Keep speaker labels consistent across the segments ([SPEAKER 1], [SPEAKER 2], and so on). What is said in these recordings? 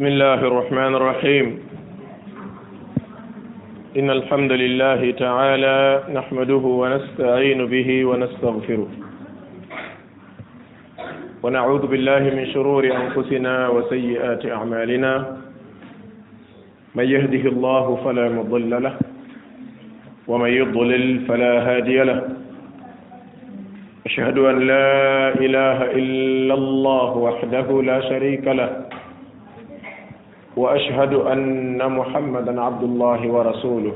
[SPEAKER 1] بسم الله الرحمن الرحيم إن الحمد لله تعالى نحمده ونستعين به ونستغفره ونعوذ بالله من شرور أنفسنا وسيئات أعمالنا من يهده الله فلا مضل له ومن يضلل فلا هادي له أشهد أن لا إله إلا الله وحده لا شريك له واشهد ان محمدا عبد الله ورسوله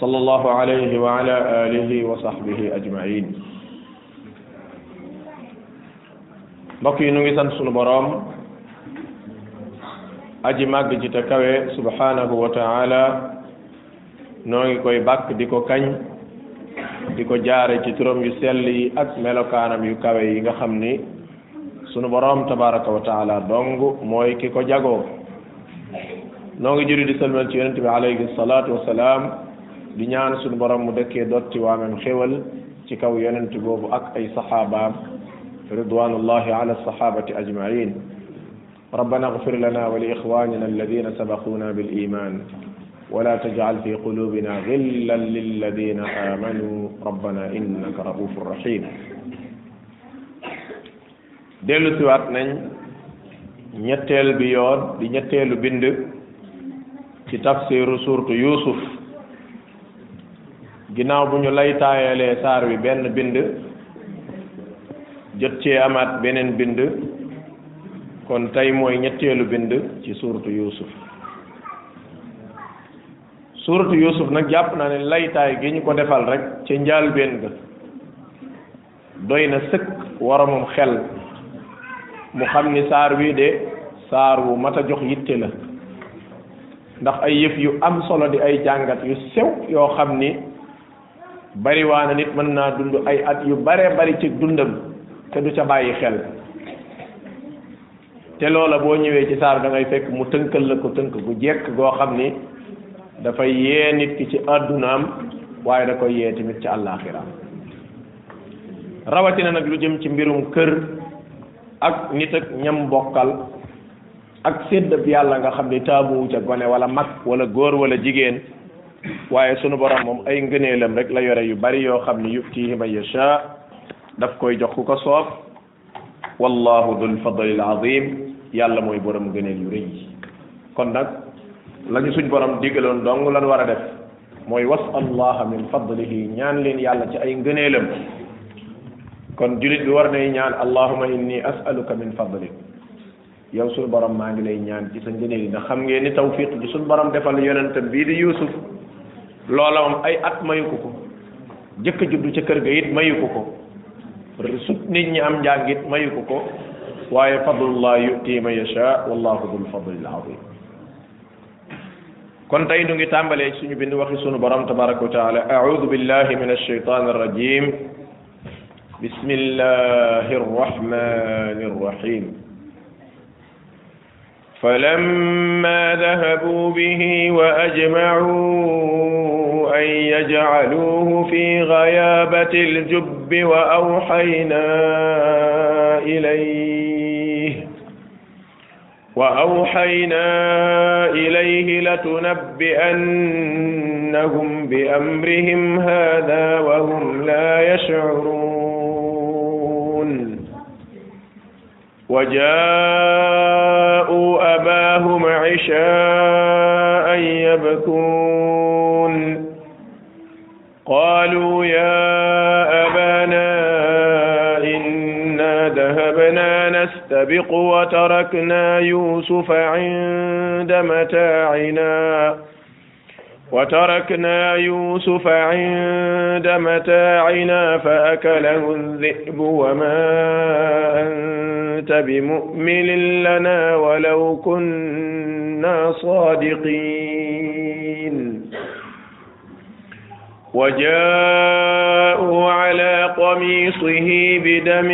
[SPEAKER 1] صلى الله عليه وعلى اله وصحبه اجمعين بقي نوي سان سونو اجي ماغ جي سبحانه وتعالى نوي كوي باك ديكو كاني ديكو جاري سي تروم يو سيل اك ملوكانم sunu borom tabaraka wa taala dongu moy kiko jago nogi juri di selmal ci yonente bi alayhi salatu wasalaam di ñaan sunu borom mu dekke dotti waamem xéwal ci kaw yonente bobu ak ay sahaba ridwanullahi ala sahabati ajmain ربنا اغفر لنا ولإخواننا الذين سبقونا بالإيمان ولا تجعل في قلوبنا غلا للذين آمنوا ربنا إنك رؤوف رحيم dellu siwaat nañ ñetteel bi yoon di ñetteelu bind ci tafsiru suurtu yuusuf ginnaaw bu ñu laytaayalee saar wi benn bind jot ci amaat beneen bind kon tey mooy ñetteelu bind ci suurtu yuusuf suurtu yuusuf nag jàpp na ne laytaay gi ñu ko defal rekk ci njaalbeen ga doy na sëkk waromam xel mu xam ni saar wii de saar wu mat a jox yitte la ndax ay yëf yu am solo di ay jàngat yu sew yoo xam ni bariwaana nit mën naa dund ay at yu bare bari ci dundam te du ca bàyyi xel te loola boo ñëwee ci saar da ngay fekk mu tënkal la ko tënk gu jekk goo xam ni dafay yee nit ki ci àddunaam waaye da koy yee tamit ci àllaaxiraam rawatina nag lu jëm ci mbirum kër ak nit ak ñam bokkal ak sédd yàlla nga xam ni taabuwu ca gone wala mag wala góor wala jigéen waaye sunu borom moom ay ngëneelam rek la yore yu bari yoo xam ni yuftihi man yasha daf koy jox ku ko soog soob wallahu dul fadlil azim yàlla mooy borom ngëneel yu rëy kon nag lañu suñ borom diggaloon dong lan war a def mooy was allaha min fadlihi ñaan leen yàlla ci ay ngëneelam kon julit bi war nay ñaan allahumma inni as'aluka min fadlik yow sul borom maa ngi lay ñaan ci sa ngëneel ndax xam ngeen ni tawfiq bi sul borom defal yonentam bii di yusuf loola moom ay at mayu ko ko jëkk juddu ca kër ga it mayu ko ko sut nit ñi am njàngit mayu ko ko waaye fadlullah yuti ma yasha wallahu dul al azim kon tey nu ngi tàmbalee suñu bind waxi sunu borom tabaraka wa taala a'udhu billahi minash shaitanir rajim بسم الله الرحمن الرحيم فلما ذهبوا به وأجمعوا أن يجعلوه في غيابة الجب وأوحينا إليه وأوحينا إليه لتنبئنهم بأمرهم هذا وهم لا يشعرون وجاءوا أباهم عشاء يبكون قالوا يا أبانا إنا ذهبنا نستبق وتركنا يوسف عند متاعنا وتركنا يوسف عند متاعنا فأكله الذئب وما أنت بمؤمن لنا ولو كنا صادقين وجاءوا على قميصه بدم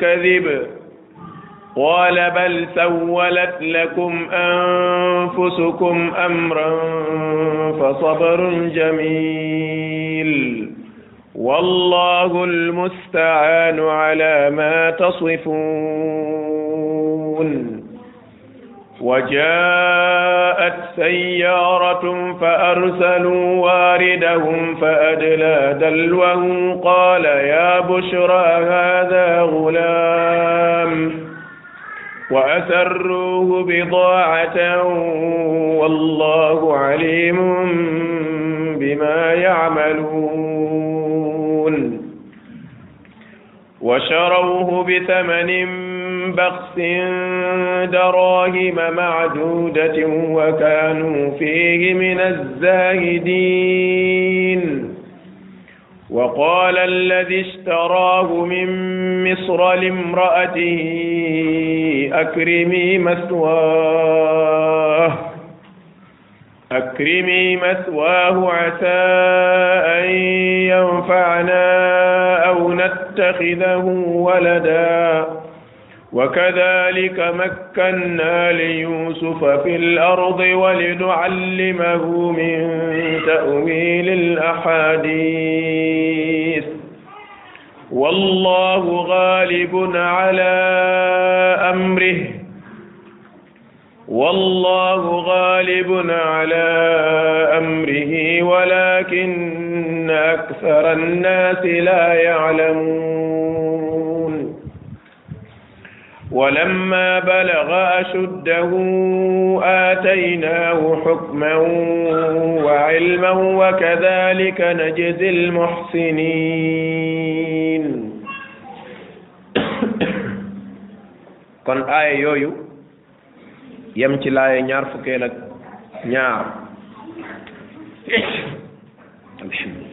[SPEAKER 1] كذب قال بل سولت لكم أنفسكم أمرا فصبر جميل والله المستعان على ما تصفون وجاءت سيارة فأرسلوا واردهم فأدلى دلوه قال يا بشرى هذا غلام وأسروه بضاعة والله عليم بما يعملون وشروه بثمن بخس دراهم معدودة وكانوا فيه من الزاهدين وقال الذي اشتراه من مصر لامرأته أكرمي مثواه أكرمي مثواه عسى أن ينفعنا أو نتخذه ولدا وكذلك مكنا ليوسف في الأرض ولنعلمه من تأويل الأحاديث والله غالب على أمره والله غالب على أمره ولكن أكثر الناس لا يعلمون ولما بلغ أشده آتيناه حكما وعلما وكذلك نجزي المحسنين كن آية يويو يمشي لاي نار فكيلك نار الحمد لله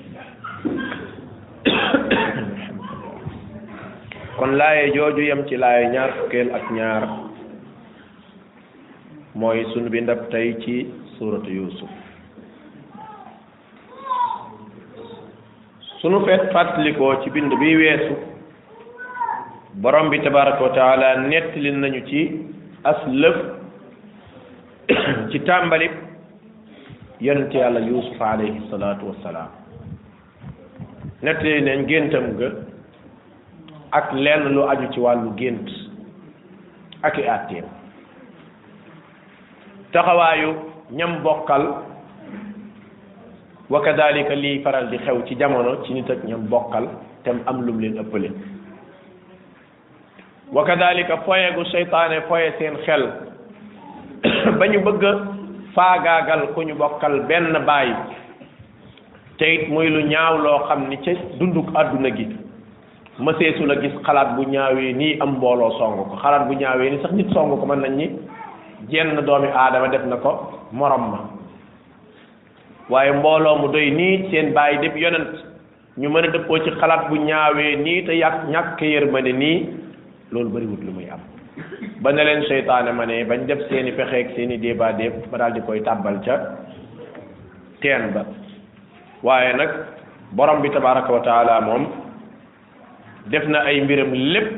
[SPEAKER 1] kon laaye jooju yem ci laaye ñaar fukkeel ak ñaar mooy sunu bi ndab tey ci suuratu yusuf sunu fet fàttalikoo ci bind bi weesu borom bi tabaraka wa taala nettali nañu ci as lëf ci tàmbalib yonent yàlla yusuf alayhi salaatu wassalaam nettali nañ géntam ga ak lenn lu aju ci wàllu gént ak i àtteem taxawaayu ñam bokkal wa kadalika liy faral di xew ci jamono ci nit ak ñam bokkal te am lum leen ëppale wa kadalika foye gu seytaane foye seen xel ba ñu bëgg faagaagal ku ñu bokkal benn baay te it muy lu ñaaw loo xam ni ci dunduk àdduna gi mëseesu la gis xalaat bu ñaawee nii am mbooloo song ko xalaat bu ñaawee nii sax nit song ko mën nañ ni jenn doomi aadama def na ko morom ma waaye mbooloo mu doy nii seen bàyyi def yonent ñu mën a dëppoo ci xalaat bu ñaawee nii te yàq ñàkk yërmande nii loolu bariwut lu muy am ba ne leen seytaane ma ne bañ def seeni pexeek seeni débat déeb ba daal di koy tàbbal ca teen ba waaye nag borom bi tabaraka wa taala moom def na ay mbiram lépp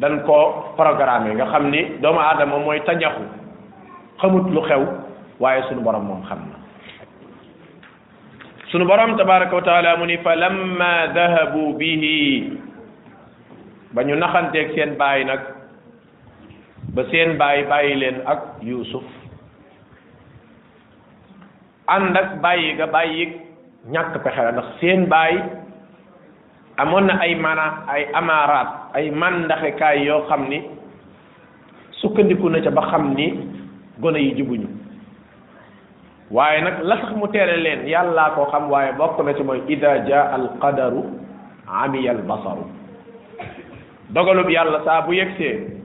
[SPEAKER 1] dañ koo programme nga xam ni doomu aadama mooy tajaxu xamut lu xew waaye sunu borom moom xam na sunu borom tabaraka wa mu ni fa lamma dahabu bihi ba ñu naxanteeg seen baay nag ba seen baay bàyyi leen ak Yuusuf ànd ak bàyyi ga bàyyi ñàkk pexe la ndax seen baay amoon na ay mana ay amaaraat ay màndaxekaay yoo xam ni sukkandiku na ca ba xam ni gone yi jubuñu waaye nag la sax mu tere leen yàllaa ko xam waaye bokk na ci mooy ida jaa al qadaru amiyal basaru dogalub yàlla saa bu yegsee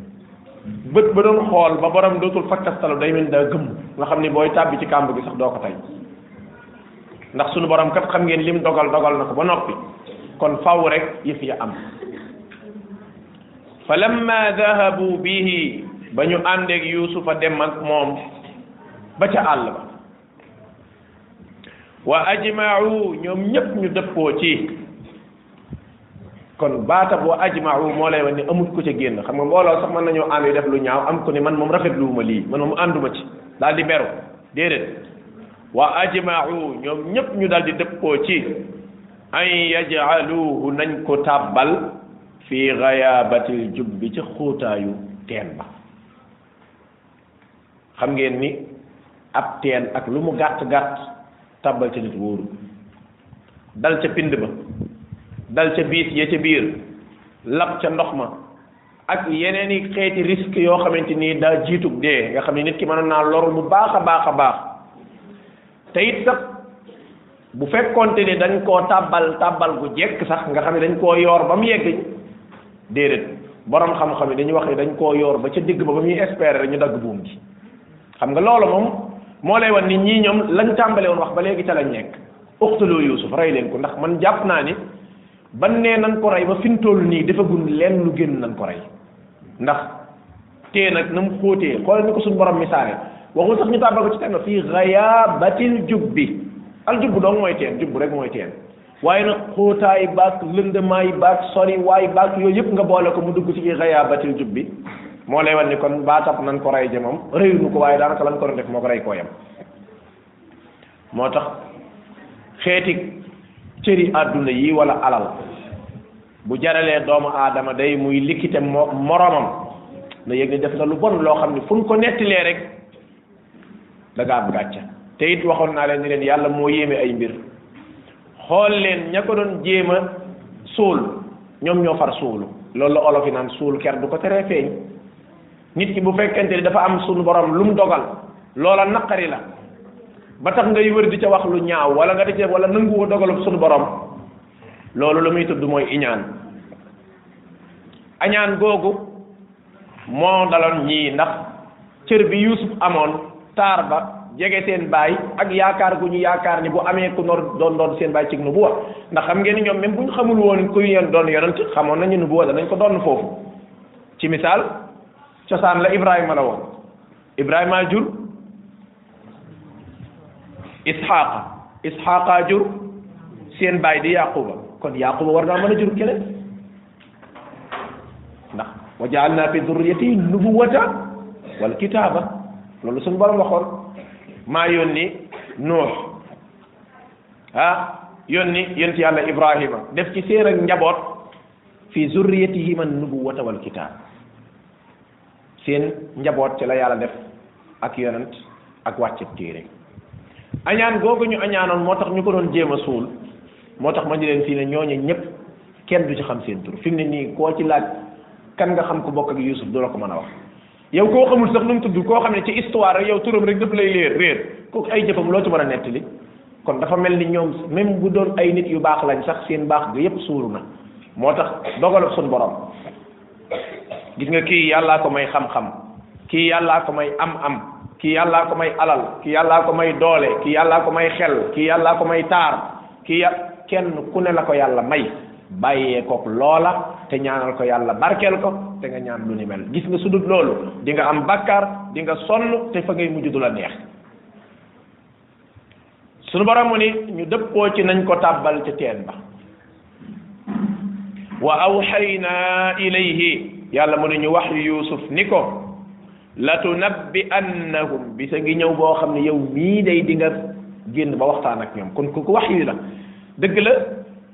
[SPEAKER 1] bët ba doon xool ba borom dootul fakkastalu day mel daa gëmm nga xam ni booy tàbbi ci kàmb gi sax doo ko tey ndax sunu boroom kat xam ngeen lim dogal dogal na ko ba noppi kon faw rek yëf ya am fa lamma dahabu bihi ba ñu àndeeg yusufa dem ak moom ba ca àll ba wa ajma'u ñoom ñépp ñu dëppoo ci kon baatab wa ajma'u moo lay wax ni amut ko ca génn xam nga mbooloo sax mën nañu ànd yu def lu ñaaw am ko ni man moom rafetluwuma lii man moom ànduma ci daal di beru déedéet wa ajma'u ñoom ñépp ñu daal di dëppoo ci an yaj'aluhu nañ ko tàbbal fi ghayabatil jubbi ca xóotaayu teen ba xam ngeen ni ab teen ak lu mu gàtt gàtt tàbbal ca nit wóoru dal ca pind ba dal ca biis ya ca biir lab ca ndox ma ak yeneen i xeeti risque yoo xamante nii daal jiitug dee nga xam ne nit ki mënoon naa loru mu baax a baax a baax te it bu fekkoon te ne dañ koo tàbbal tàbbal gu jekk sax nga xam ne dañ koo yoor ba mu yegg déedéet boroom xam-xam yi dañuy wax ne dañ koo yoor ba ca digg ba ba muy espérer ñu dagg buum ji xam nga loolu moom moo lay wax ni ñii ñoom lañ tàmbale wax ba léegi ca lañ nekk uqtuloo Yuusuf rey leen ko ndax man jàpp naa ni ban nee nan ko rey ba fi mu toll nii dafa gun leen lu génn nañ ko rey ndax tee nag na mu xóotee xoolal ni ko suñu borom misaale waxul sax ñu tàbbal ko ci tànn fii al jubbu dong mooy teen jubbu rek mooy teen waaye nag xóotaay baag lëndëmaay baag sori waay baag yooyu yëpp nga boole ko mu dugg ci xayaabatil jub bi moo lay wan ni kon baatab nan ko rey ja moom réyunu ko waaye daanaka lan ko doon def moo ko rey koo moo tax xeeti cëri àdduna yi wala alal bu jaralee doomu aadama day muy likkite mo moromam na yëg ni def na lu bon loo xam ne fu ñu ko nettilee rek da am gàcce te it waxoon naa leen ni leen yàlla moo yéeme ay mbir xool leen ña ko doon jéem a suul ñoom ñoo far suulu loolu la olof yi naan suul ker du ko teree feeñ nit ki bu fekkente ni dafa am suñu borom lu mu dogal loola naqari la ba tax ngay wër di ca wax lu ñaaw wala nga di ca wala nanguwoo dogalub suñu borom loolu la muy tëdd mooy iñaan añaan googu moo daloon ñii ndax cër bi Yuusuf amoon taar ba jege seen baay ak yaakaar gu ñu yaakaar ni bu amee ku nor doon doon seen baay ci nubuwa ndax xam ngeen ñoom même bu ñu xamul woon ku yeen doon yonent xamoon nañu nubuwa danañ ko doon foofu ci misaal cosaan la Ibrahima la woon Ibrahima jur Isxaaqa Isxaaqa jur seen baay di Yaquba kon Yaquba war na mën a jur keneen ndax wa jaalnaa fi durriyati nubuwata wal kitaaba loolu suñu borom waxoon maa yónni nuux ah yónni yonti yàlla ibrahima def ci seen ak njaboot fi zurriyatihim an nubuwata wal kitaab seen njaboot ci la yàlla def ak yonent ak wàcceb téere añaan googu ñu añaanoon moo tax ñu ko doon jéem a suul moo tax ma di leen fii ne ñooñu ñëpp kenn du ci xam seen tur fi mu ne nii koo ci laaj kan nga xam ku bokk ak Yuusuf du la ko mën a wax yow koo xamul sax nu mu tudd koo xam ne ci histoire rek yow turam rek daf lay leer réer kooku ay jëfam loo ci mën a nettali kon dafa mel ni ñoom même bu doon ay nit yu baax lañ sax seen baax ga yépp suuru na moo tax dogalub suñ borom gis nga kii yàllaa ko may xam-xam kii yàllaa ko may am-am kii yàllaa ko may alal kii yàllaa ko may doole kii yàllaa ko may xel kii yàllaa ko may taar kii ya kenn ku ne la ko yàlla may bàyyee ko loola te ñaanal ko yàlla barkeel ko te nga ñaan lu ni mel gis nga su dul loolu di nga am bakkaar di nga sonn te fa ngay mujj du la neex sunu borom mu ni ñu dëppoo ci nañ ko tàbbal ca teen ba wa awxayna ilayhi yàlla mu ne ñu wax yusuf ni ko latunabbi annahum bisa ngi ñëw boo xam ne yow mii day di génn ba waxtaan ak ñoom kon ku ko wax yi la dëgg la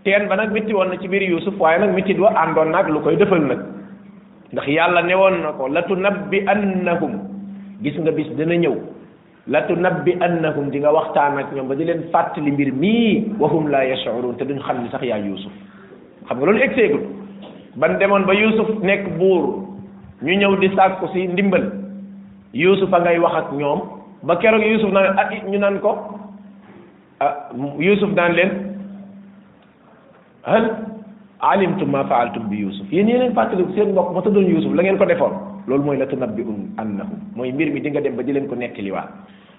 [SPEAKER 1] teen ba nag mitti woon na ci biir Yuusuf waaye nag mittit wa àndoon naag lu koy dëfal nag ndax yàlla ne woon na ko latu nabbi annahum gis nga bis dana ñëw latu nabbi annahum di nga waxtaan ak ñoom ba di leen fàttali mbir mii wahum la yashurun te duñ xam ni sax yaa Yuusuf xam nga loolu egseegul ban demoon ba Yuusuf nekk buur ñu ñëw di sàkku si ndimbal Yuusuf a ngay wax ak ñoom ba keroog Yuusuf naan ah ñu naan ko ah Yuusuf naan leen hal alimtum ma faaltum bi yusuf yéen yéeneen fàttali seen mbokk ma tuddoon yusuf la ngeen ko defoon loolu mooy la tunabbi un annahu mooy mbir mi di nga dem ba di leen ko nettaliwaat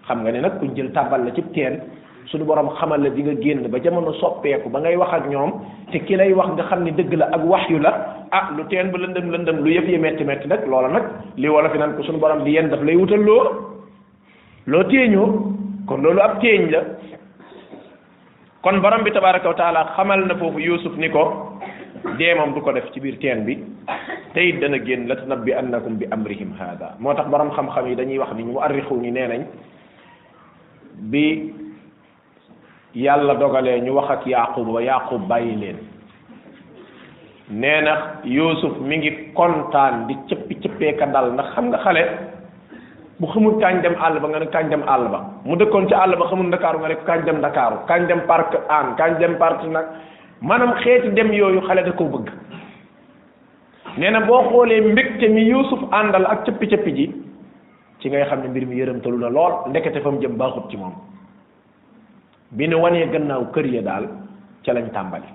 [SPEAKER 1] xam nga ne nag kuñ jël tàbbal la ci teen suñu borom xamal la di nga génn ba jamono soppeeku ba ngay wax ak ñoom te ki lay wax nga xam ne dëgg la ak wax yu la ah lu teen ba lëndëm lëndëm lu yëf yi metti metti nag loola nag li wala fi naan ko suñu borom di yenn daf lay wutal loo loo téeñoo kon loolu ab teeñ la kon borom bi tabaraka wa xamal na foofu yusuf ni ko dee du ko def ci biir teen bi te it dana génn la tunabbi annakum bi amrihim haada moo tax borom xam-xam yi dañuy wax ni mu arrixu ni nee nañ bi yàlla dogalee ñu wax ak yaqub ba yaqub bàyyi leen nee na yusuf mi ngi kontaan di cëppi cëppee dal ndax xam nga xale bu xamul kañ dem àll ba nga ne kañ dem àll ba mu dëkkoon ci àll ba xamul ndakaaru nga ne kañ dem ndakaaru kañ dem parc an kañ dem parc nag maanaam xeeti dem yooyu xale da ko bëgg nee na boo xoolee mbégte mi Yuusuf àndal ak cëpp cëpp ji ci ngay xam ne mbir mi yërëmtalu na lool ndekete fa jëm baaxut ci moom bi nu wanee gannaaw kër ya daal ca lañ tàmbali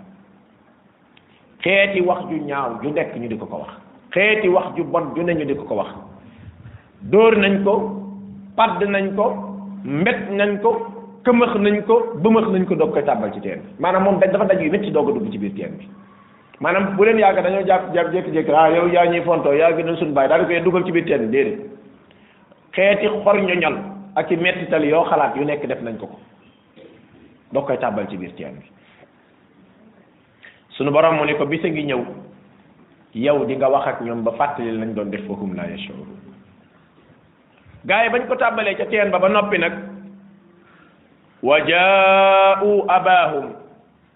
[SPEAKER 1] xeeti wax ju ñaaw ju nekk ñu di ko ko wax xeeti wax ju bon ju ne ñu di ko ko wax dóor nañ ko padd nañ ko mbet nañ ko këmëx nañ ko bëmëx nañ ko doog koy tàbbal ci teen bi maanaam moom dañ dafa daj yu métti doog a dugg ci biir teen bi maanaam bu leen yàgg dañoo jàpp jàpp jékki-jékki ah yow yaa ñuy fontoo yaa gën a suñu bàyyi daal di koy dugal ci biir teen bi déedéet xeeti xor ñoñal ak i mettital yoo xalaat yu nekk def nañ ko ko doo koy tàbbal ci biir teen bi suñu borom mu ne ko bisa ngi ñëw yow di nga wax ak ñoom ba fàttali lañ doon def foofu mu gaa yi bañ ko tàmbalee ca teen ba ba noppi nag wa jaa'u abahum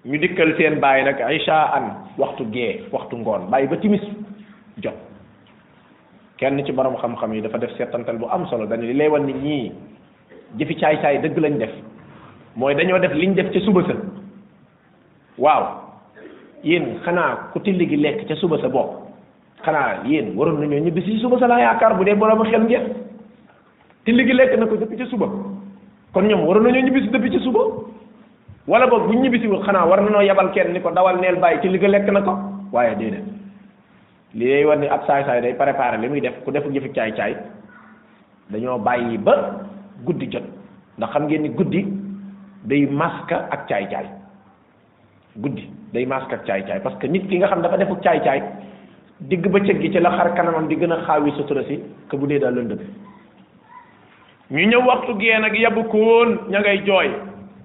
[SPEAKER 1] ñu dikkal seen baay nag ishaan waxtu gee waxtu ngoon bàyyi ba timis jot kenn ci boroomu xam-xam yi dafa def seetantal bu am solo dañu li lay wan nit ñii jëfi caay-caay dëgg lañ def mooy dañoo def liñ def ca suba sa waaw yéen xanaa ku tilli gi lekk ca suba sa bopp xanaa yéen waroon nañoo ñibbi si suba sa laa yaakaar bu dee borom xel ngeen till gi lekk na ko depuis ci suba kon ñoom war nañoo ñibbisi depuis ci suba wala boog bu ñibbisiwul xanaa war nañoo yabal kenn ni ko dawal neel bàyyi till gi lekk na ko waaye déedéet li day war ni ab saay-saay day préparé li muy def ku defu jëfi caay-caay dañoo bàyyi ba guddi jot ndax xam ngeen ni guddi day masque ak caay-caay guddi day masque ak caay-caay parce que nit ki nga xam dafa defu caay-caay digg ba cëg gi ci la xar kanamam di gën a xaawi sutura si que bu dee daal lëndëm ñu ñëw waxtu gee nag yabu ko ña ngay jooy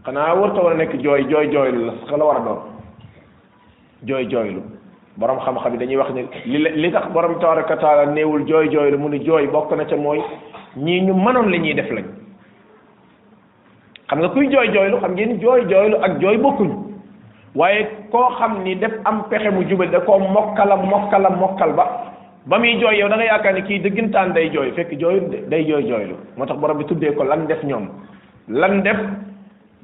[SPEAKER 1] xanaa warta war a nekk jooy jooy jooylu la sax la war a doon jooy jooylu boroom xam-xam yi dañuy wax ne li li tax borom tabaraka taala néewul jooy jooylu mu ni jooy bokk na ca mooy ñii ñu mënoon lañuy def lañ xam nga kuy jooy jooylu xam ngeen jooy jooylu ak jooy bokkuñu waaye koo xam ni def am pexe mu jubal da koo mokkala mokkala mokkal ba ba muy jooy yow dangay nga kii dëggantaan day jooy fekk jooyut day jooy jooylu moo tax borom bi dee ko lan def ñoom lan def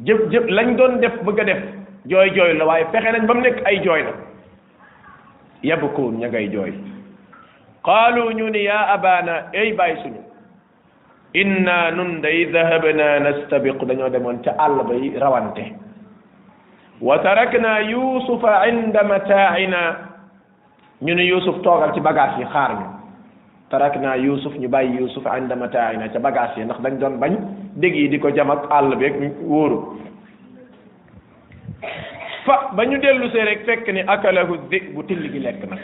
[SPEAKER 1] jëf jëf lañ doon def bëgg a def jooy jooylu la waaye fexe nañ ba mu nekk ay jooy la yabkuun ña jooy qaalu ñu ni yaa abana ey bàyyi suñu inna nun day dahabna nastabiq dañoo demoon ca àll bay rawante wa tarakna yusufa inda mataa'ina ñu ne Youssouf toogal ci bagaas yi xaar ñu tarak naa Youssouf ñu bàyyi añ ànd mataay na ca bagaas yi ndax dañ doon bañ dégg yi di ko jam ak àll beeg wóoru fa ba ñu dellu see rek fekk ni akalahu zi bu till gi lekk nag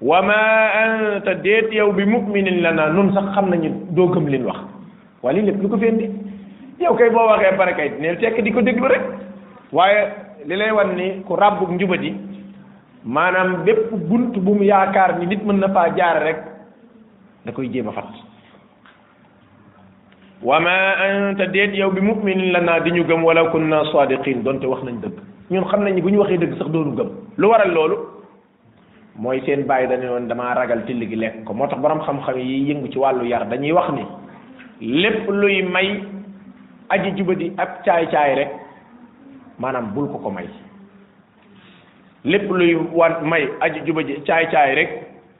[SPEAKER 1] wa ma anta déet yow bi muminin la naa nun sax xam nañu doo gëm leen wax wala lépp lu ko fendi yow kay boo waxee pare kay neel tekk di ko déglu rek waaye li lay wan ni ku ràbbug yi maanaam bépp bunt bu mu yaakaar ni nit mën na faa jaar rek da koy jéem a fat wa ma anta déet yow bi mu mu'minin la naa di ñu gëm wala kunna sadiqin donte wax nañ dëgg ñun xam nañ ni bu ñu waxee dëgg sax doonu gëm lu waral loolu mooy seen bàyyi dañu woon damaa ragal till gi lekk ko moo tax borom xam-xam yi yëngu ci wàllu yar dañuy wax ni lépp luy may aji jubadi ak caay caay rek maanaam bul ko ko may lépp luy war may aji juba ji caay caay rek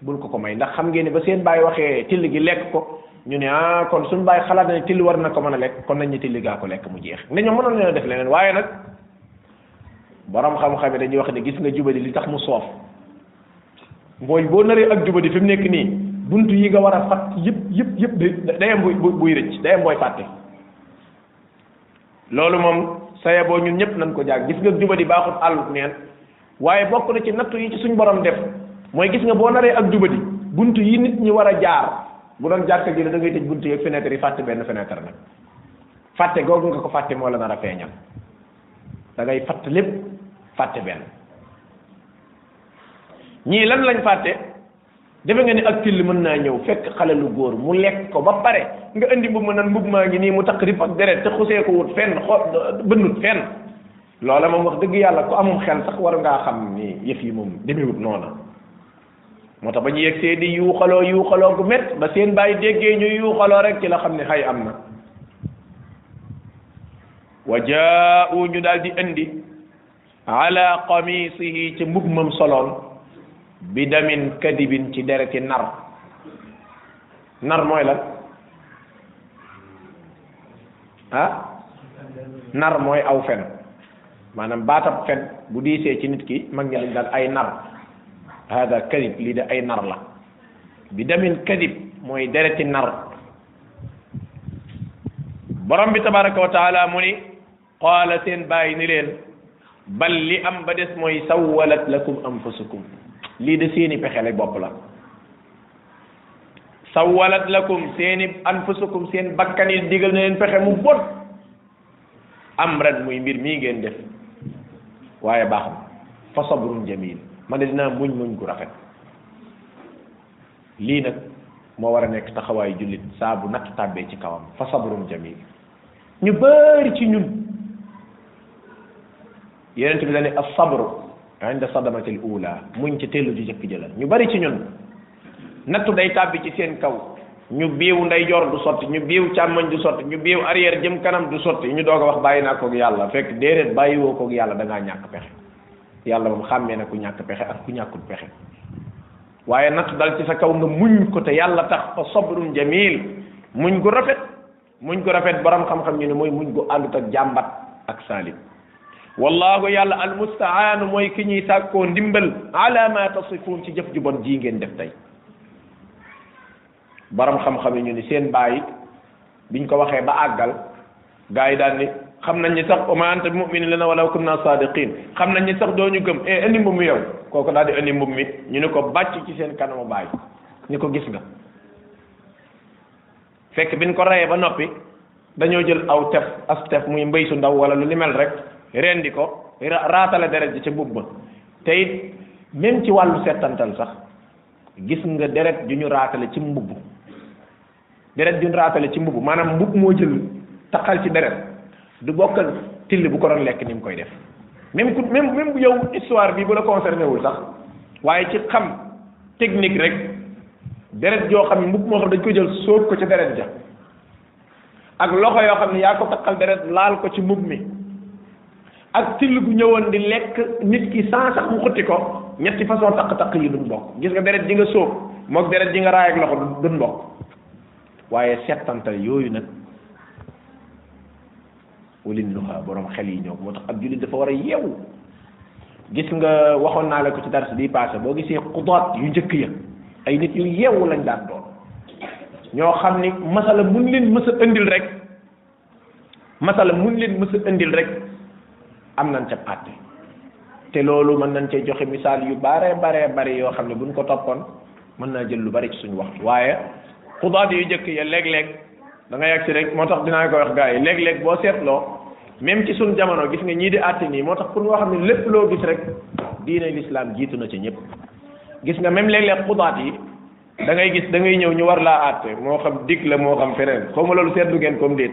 [SPEAKER 1] bul ko ko may ndax xam ngeen ne ba seen bàyyi waxee till gi lekk ko ñu ne ah kon suñu bàyyi xalaat na ne till war na ko mën a lekk kon nañ ñu till gaa ko lekk mu jeex ne ñoom mënoon def leneen waaye nag borom xam dañuy wax ne gis nga jubadi li tax mu soof mooy boo naree ak jubadi fi fim nekk nii bunt yi nga war a fat yëpp yëpp yëpp day am buy buy rëcc day booy fàtte loolu moom sayaboo ñun ñëpp nañ ko jaag gis nga jubadi baaxut àllut neen waaye bokk na ci nattu yi ci suñ borom def mooy gis nga boo naree ak jubadi bunt yi nit ñi war a jaar bu doon jàkka ji la da ngay tëj bunt yeeg fenêtre yi fàtte benn fenêtre fàtte googu nga ko fàtte moo nar a feeñal da ngay lépp fàtte benn ñii lan lañ fàtte defe nga ni ak till mën naa ñëw fekk xale lu góor mu lekk ko ba pare nga indi mbubb ma nan mbubb maa ngi nii mu takk rip ak deret te xusee ko wut fenn xo bënnut fenn loola moom wax dëgg yàlla ku amum xel sax war ngaa xam ni yëf yi moom demewut noona moo tax ba ñu yegg see di yuuxaloo yuuxaloo gu mét ba seen bàyyi déggee ñu yuuxaloo rek ci la xam ne xay am na wa jaau ñu daal di indi ala qamisihi ci mbub mam soloon bi damin kadibin ci dereti nar nar mooy la ah nar mooy aw fen maanaam baata fen bu diisee ci nit ki mag ñi lañ daal ay nar hada kadib lii de ay nar la bi damin kadib mooy dereti nar borom bi tabaraka wa taala mu ni qaala seen bàyyi ni leen bal li am ba des mooy sawwalat lakum anfusukum lii de seeni pexe lay bopp la sawwalat lakum seeni anfusukum seen bakkan yi digal na leen pexe mu bon amran muy mbir mii ngeen def waaye baax na fa sabrun jamil ma ne dinaa muñ muñ gu rafet lii nag moo war a nekk taxawaayu jullit saabu bu natt tàbbee ci kawam fa sabrun jamil ñu bëri ci ñun yeneen bi dane as sabru inda sadamatil ula muñ ci tellu ji jëkk jëlal ñu bari ci ñun nattu day tàbbi ci seen kaw ñu biiw ndeyjoor du sotti ñu biiw càmmoñ du sotti ñu biiw arrière jëm kanam du sotti ñu doog a wax bàyyi naa koog yàlla fekk déedéet bàyyiwoo koog yàlla da ngaa ñàkk pexe yàlla mu xàmmee na ku ñàkk pexe ak ku ñàkkul pexe waaye natt dal ci sa kaw nga muñ ko te yàlla tax fa sabrun jamil muñ gu rafet muñ gu rafet borom xam-xam ñu ne mooy muñ gu àndut ak jàmbat ak saalim wallahu yàlla almustaanu mooy ki ñuy sàkkoo ndimbal ala ma tasifun ci jëf ju bon jii tey borom xam-xam yi ñu ni seen baay biñ ko waxee ba àggal gars yi daal xam nañ ni sax ma anta bi na lana walaw kunna sadiqin xam nañ ni sax doo ñu gëm e eh, indi mbubb mi yow kooku daal di indi mbubb mi ñu ne ko bàcc ci seen kanamu baay ñu ko gis nga fekk biñ ko reyee ba noppi dañoo jël aw tef as tef muy mbay su ndaw wala lu li mel rek rendi ko raatale deret ji ci mbubb ma te it ci wàllu settantal sax gis nga deret ju ñu raatale ci mbubb deret jun raatale ci mbubb maanaam mbubb moo jël taqal ci deret du bokkal till bu ko doon lekk ni mu koy def même ku même même yow histoire bi bu la concerné wul sax waaye ci xam technique rek deret joo xam ne mbubb moo xam dañ ko jël sóob ko ci deret ja ak loxo yoo xam ne yaa ko taqal deret laal ko ci mbubb mi ak till bu ñëwoon di lekk nit ki sans sax mu xutti ko ñetti façon taq-taq yi duñ bokk gis nga deret ji nga sóob mook deret ji nga raay loxo duñ waaye settantal yooyu nag ulin nuha boroom xel yi ñoo moo tax ab jullit dafa war a yeewu gis nga waxoon naa la ko ci dars di passé boo gisee xudaat yu njëkk ya ay nit yu yeewu lañ daan doon ñoo xam ni masala mun leen mës indil rek masala mun leen mës indil rek am nañ ca àtte te loolu mën nañ cee joxe misaal yu bare bare bare yoo xam ne buñ ko toppoon mën naa jël lu bari ci suñu waxtu waaye xudaat yu njëkk ya léeg-léeg da nga yàgg si rek moo tax dinaa ko wax gars yi léeg-léeg boo seetloo même ci suñ jamono gis nga ñii di àtte nii moo tax pour nga xam ne lépp loo gis rek diine l'islam jiitu na ci ñëpp gis nga même léeg-léeg xudaat yi da ngay gis da ngay ñëw ñu war laa àtte moo xam dig la moo xam feneen xaw ma loolu seetlu ngeen comme déet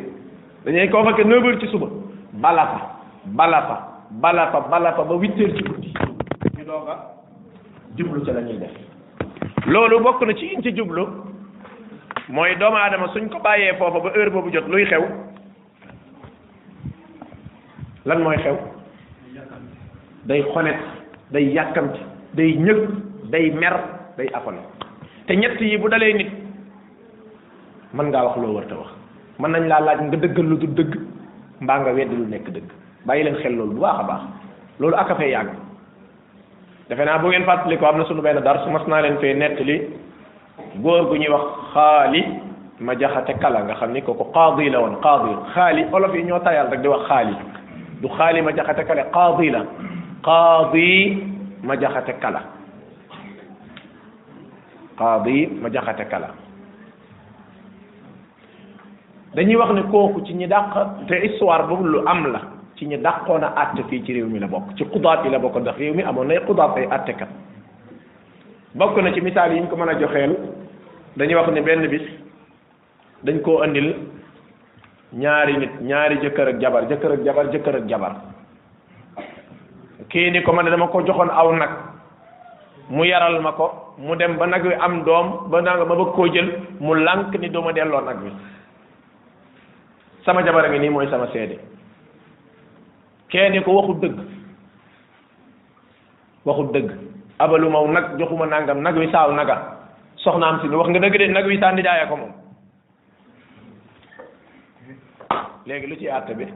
[SPEAKER 1] dañuy convoqué neuf heures ci suba bala fa bala fa ba huit jublu ca la ñuy bokk na ci in ci jublu mooy doomu aadama suñ ko bàyyee foofa ba heure boobu jot luy xew lan mooy xew day xonet day yàkkamti day ñëg day mer day afone te ñett yi bu dalee nit mën ngaa wax loo warta wax mën nañ laa laaj nga dëggal lu du dëgg mbaa nga weddi lu nekk dëgg bàyyi leen xel loolu bu baax a baax loolu ak a yàgg defe naa bu ngeen fàttali ko am na suñu benn dar su mas naa leen fee nettali góor gu ñuy wax xaali ma jaxate kala nga xam ko kooku qaadi la woon qaadi xaali olof yi ñoo tayal rek di wax xaali du xaali ma jaxate kale qaadi la qaadi ma jaxate kala qaadi ma jaxate kala dañuy wax ne kooku ci ñi dàq te histoire boobu lu am la ci ñi dàqoon a fii ci réew mi la bokk ci xudaat yi la bokk ndax réew i amoon nay xudaat ay àttekat bokk na ci misaal yi ñu ko mën a joxeel dañuy wax ne benn bis dañ koo indil ñaari nit ñaari jëkkër ak jabar jëkkër ak jabar jëkkër ak jabar kii ni ko man dama ko joxoon aw nag mu yaral ma ko mu dem ba nag wi am doom ba nanga ba bëgg koo jël mu lànk ni duma delloo nag wi sama jabar a ngi nii mooy sama seede kee ko waxul dëgg waxul dëgg abalu maw nag joxuma nangam nag wi saaw naga soxnaam si wax nga dëgg de nag wi saa nijaaya ko moom léegi lu ci àtte bi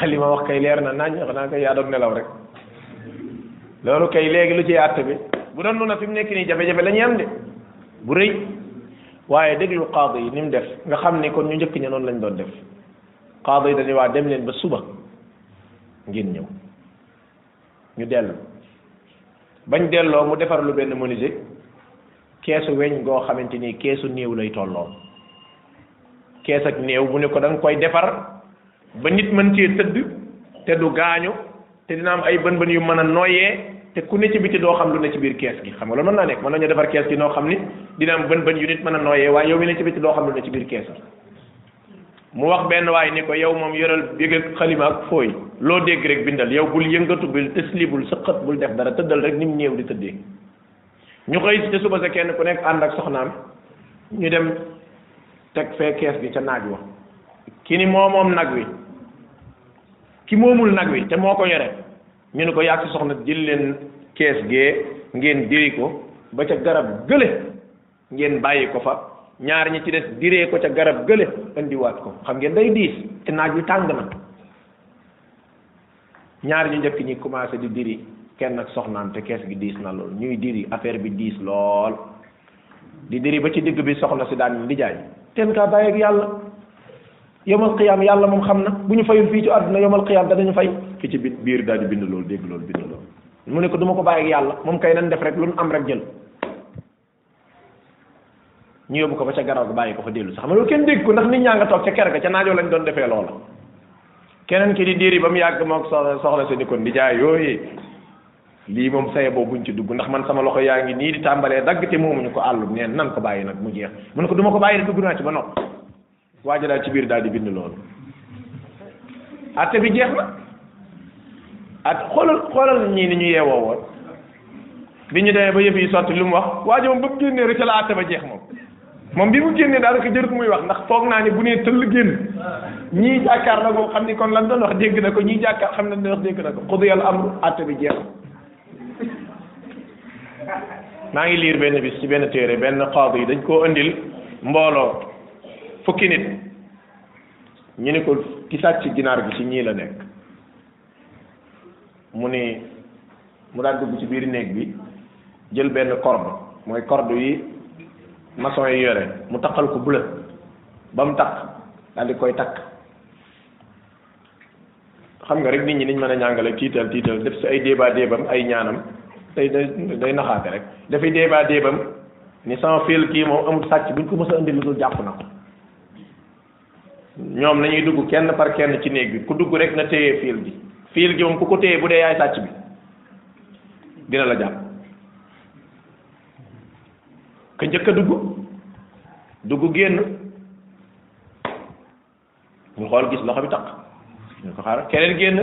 [SPEAKER 1] li ma wax kay leer na nañ xanaa kay yaa doon rek loolu kay léegi lu ci àtte bi bu doon mun na fi mu nekk nii jafe-jafe la ñu am de bu rëy waaye déglu qaadi yi ni mu def nga xam ni kon ñu njëkk ña noonu lañ doon def qaadi yi dañuy waa dem leen ba suba ngeen ñëw ñu dellu bañ delloo mu defar lu benn menuisier keesu weñ goo xamante ni keesu néew lay tolloon kees ak néew bu ne ko da nga koy defar ba nit mën cee tëdd te du gaañu te dina am ay bën bën yu mën a noyyee te ku ne ci biti doo xam lu ne ci biir kees gi xam nga loolu mën naa nekk mën nañu defar kees gi noo xam ni dina am bën bën yu nit mën a noyyee waaye yow mi ne ci biti doo xam lu ne ci biir kees mu wax benn waay ni ko yow moom yoral yëg ak ak fooy loo dégg rek bindal yow bul yëngatu bul tësli bul sëqat bul def dara tëddal rek nim néew di tëdde ñu xëy si te suba sa kenn ku nekk ànd ak soxnaam ñu dem teg fee kees gi ca naaj wa ki ni moo moom nag wi ki moomul nag wi te moo ko yore ñu ne ko yàgg soxna jël leen kees gee ngeen diri ko ba ca garab gële ngeen bàyyi ko fa ñaar ñi ci des diree ko ca garab gële andiwaat ko xam ngeen day diis te naaj bi tàng na ñaar ñu njëkk ñi commencé di diri kenn ak soxnaam te kees gi diis na lool ñuy diri affaire bi diis lool di diri ba ci digg bi soxna si daan di jaay teen kaa bàyyi yàlla yomal xiyaam yàlla moom xam na bu ñu fayul fii ci àdduna yomal xiyaam danañu fay ki ci biir daal di bind lool dégg lool bind lool mu ne ko duma ko bàyyi yàlla moom kay nan def rek lu nu am rek jël ñu yóbbu ko ba ca garaw ga bàyyi ko fa dellu sax ma loolu kenn dégg ko ndax nit ñaa ca ker ga ca naajoo lañ doon defee loola keneen ki di diiri ba mu yàgg mook soxla sa ni kon di jaay yooyee lii moom saye boo buñ ci dugg ndax man sama loxo yaa ngi nii di tàmbalee dagg te ñu ko àllum neen nan ko bàyyi nag mu jeex mu ne ko duma ko bàyyi dugg naa ci ba nopp waaja daal ci biir daal di bind loolu atte bi jeex na at xoolal xoolal ñii ni ñu yeewoo woon ñu demee ba yëf yi sotti mu wax waaja moom ba mu génnee rek la atte moom bi mu génnee daanaka jërut muy wax ndax foog naa ne bu nee tëll génn ñii jàkkaar na oo xam ni kon lan doon wax dégg na ko ñii jàkkaar xam ne doon wax nag na ko xudu yàlla bi jeex maa ngi liir benn bi ci benn téere benn xaadu yi dañ koo indil mbooloo fukki nit ñu ne ko ki sàcc ci ginaar gi ci ñii la nekk mu ni mu daan dugg ci biir néeg bi jël benn corde mooy corde yi maçon yi yore mu taqal ko bula ba mu taq daal di koy takk xam nga rek nit ñi niñ mën a ñàngale tiital tiital def si ay débat débam ay ñaanam day day day naxaate rek dafay débat débam ni sama fil kii moom amul sàcc buñ ko mës indi lu dul jàpp na ko ñoom nañuy dugg kenn par kenn ci néeg bi ku dugg rek na téye fiil gi fiil gi moom ku ko téye bu dee yaay sàcc bi dina la jàpp ka njëkk a dugg dugg génn mu xool gis loxo bi taq ñu ko keneen génn